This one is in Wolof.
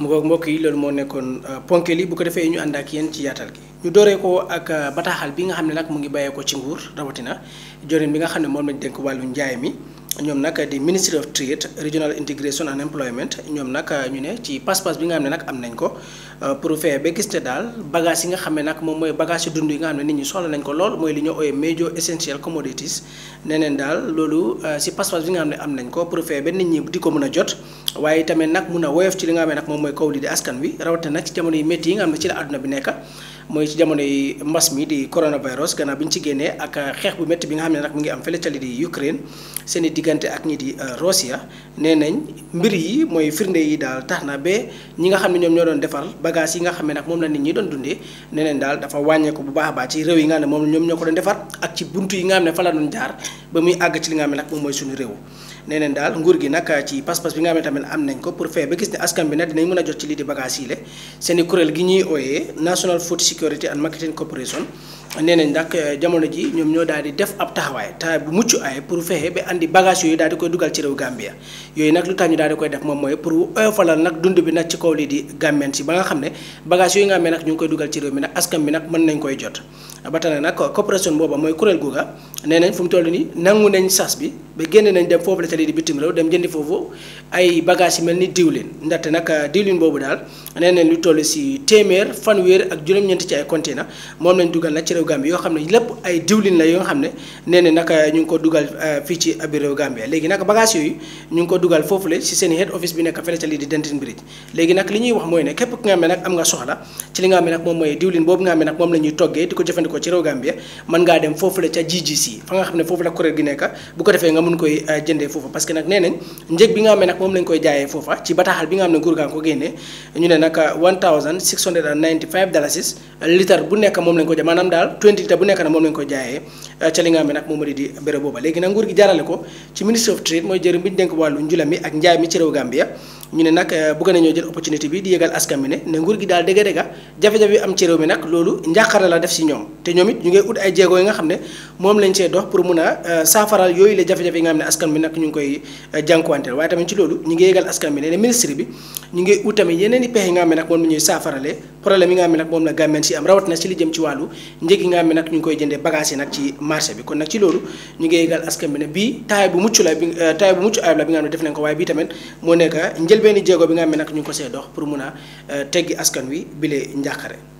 mu ngoog mbokk yi loolu moo nekkoon euh, ponkel yi bu ko defee ñu ànd ak yéen ci yaatal gi ñu dooree ko ak euh, bataaxal bi nga xam ne nag mu ngi bàyyee ko ci nguur rawatina jorin bi nga xam ne moom lañ dénk wàllu njaay mi ñoom nag di Ministry of Trade Regional Integration and Employment ñoom nag ñu ne ci passe-passe bi nga xam ne nag am nañ ko euh, pour fexe ba gis ne daal bagage yi nga xam ne nag moom mooy bagage yu dund yi nga xam ne nit ñi soxla nañ ko lool mooy li ñu ooyee major essential commodities nee neen loolu euh, si passe-passe bi am nañ ko pour di ko mën a jot waaye tamit nag mun a woyof ci li nga xam ne nag moom mooy kaw li di askan wi rawatina nag ci jamono yu métti yi nga xam ne ci la àdduna bi nekk mooy ci jamono yi mbas mi di coronavirus gannaaw bi ñu ci génnee ak xeex bu métti bi nga ne nag mu ngi am fële ca li di i diggante ak ñi di euh, Russia nee nañ mbir yi mooy firnde yi daal tax na ba ñi nga xam ne ñoom ñoo doon defar bagage yi nga xam ne nag moom la nit ñi doon dundee nee nañ daal dafa wàññeeku bu baax a baax ci réew yi nga xam ne moom ñoom ñoo ko doon defar ak ci buntu yi nga xam ne fa la doon jaar ba muy àgg ci li nga xam ne nag moom mooy suñu réew nee neen daal nguur gi nag ci pas-pas bi nga xam ne tamit am nañ ko pour fee ba gis ne askan bi nag dinañ mën a jot ci lii di bagage yi i kuréel gi ñuy ooyee National Food Security and Marketing nee nañ nag euh, jamono ji ñoom ñoo daal di def ab taxawaay taxawaay bu mucc ay pour fexe ba andi bagage yooyu daal di koy dugal ci réew Gambia yooyu nag lu tax ñu daal di koy def moom mooy pour oyofalal nag dund bi nag ci kaw lii di gambien si ba nga xam ne bagage yooyu nga xam ne nag ñu koy dugal ci réew mi nag askan bi nag mën nañ koy jot ba tax na nag coopération booba mooy kuréel googa nee nañ fu mu toll nii nangu nañ sas bi ba génn nañ dem foofu la ca lii di bitim réew dem jëndi foofu ay bagage yi mel ni diwlin ndaxte nag euh, diwlin boobu daal nee nañ lu toll si téeméer fanwéer ak juróom-ñeent ci ay container moom lañ dugal nag réew yoo xam ne lépp ay diwlin la yoo xam ne nee naka ñu ngi ko dugal euh, fii ci biir Gambie léegi nag bagage yooyu ñu ngi ko dugal foofu la si seen head office bi nekk fële ca lii di Denton Bridge léegi nag li ñuy wax mooy ne képp nga xam ne moom mooy toggee di ko jëfandikoo ci réew Gambie mën ngaa dem foofu la ca GGC fa nga xam ne foofu la kuréel gi euh, foofu parce que nag nee nañ njëg bi nga xam ne nag moom lañ koy litre bu nekk moom lañ ko jaay maanaam daal 20 litre bu nekk nag moom lañ ko jaayee euh, ca li nga xam ne bi ñu denk wàllu njula nag euh, la def si ñoom te ñoom it ñu ngay ut nga xam ne moom lañ see pour a euh, saafaral yooyu la jafe-jafe yi nga xam ñu ngi koy jànkuwanteel waaye tamit ci loolu ñu ngi yëgal askan bi ne ne ministre bi ñu ngi ut tamit yeneen pexe nga xam ne nag moom la ñuy si am rawatina si li jëm ci wàllu njëg yi nga xam ne nag ñu ngi koy jëndee bagage yi nag ci marché bi kon nag ci loolu ñu ngi yëgal askan bi ne bii taay bu mucc la bi euh, taay bu mucc ayib la bi nga xam ne def nañ ko waaye bii tamit moo nekk njëlbeeni jéego bi nga xam ne nag ñu ngi ko see dox pour mun a euh, teggi askan wi bile njàqare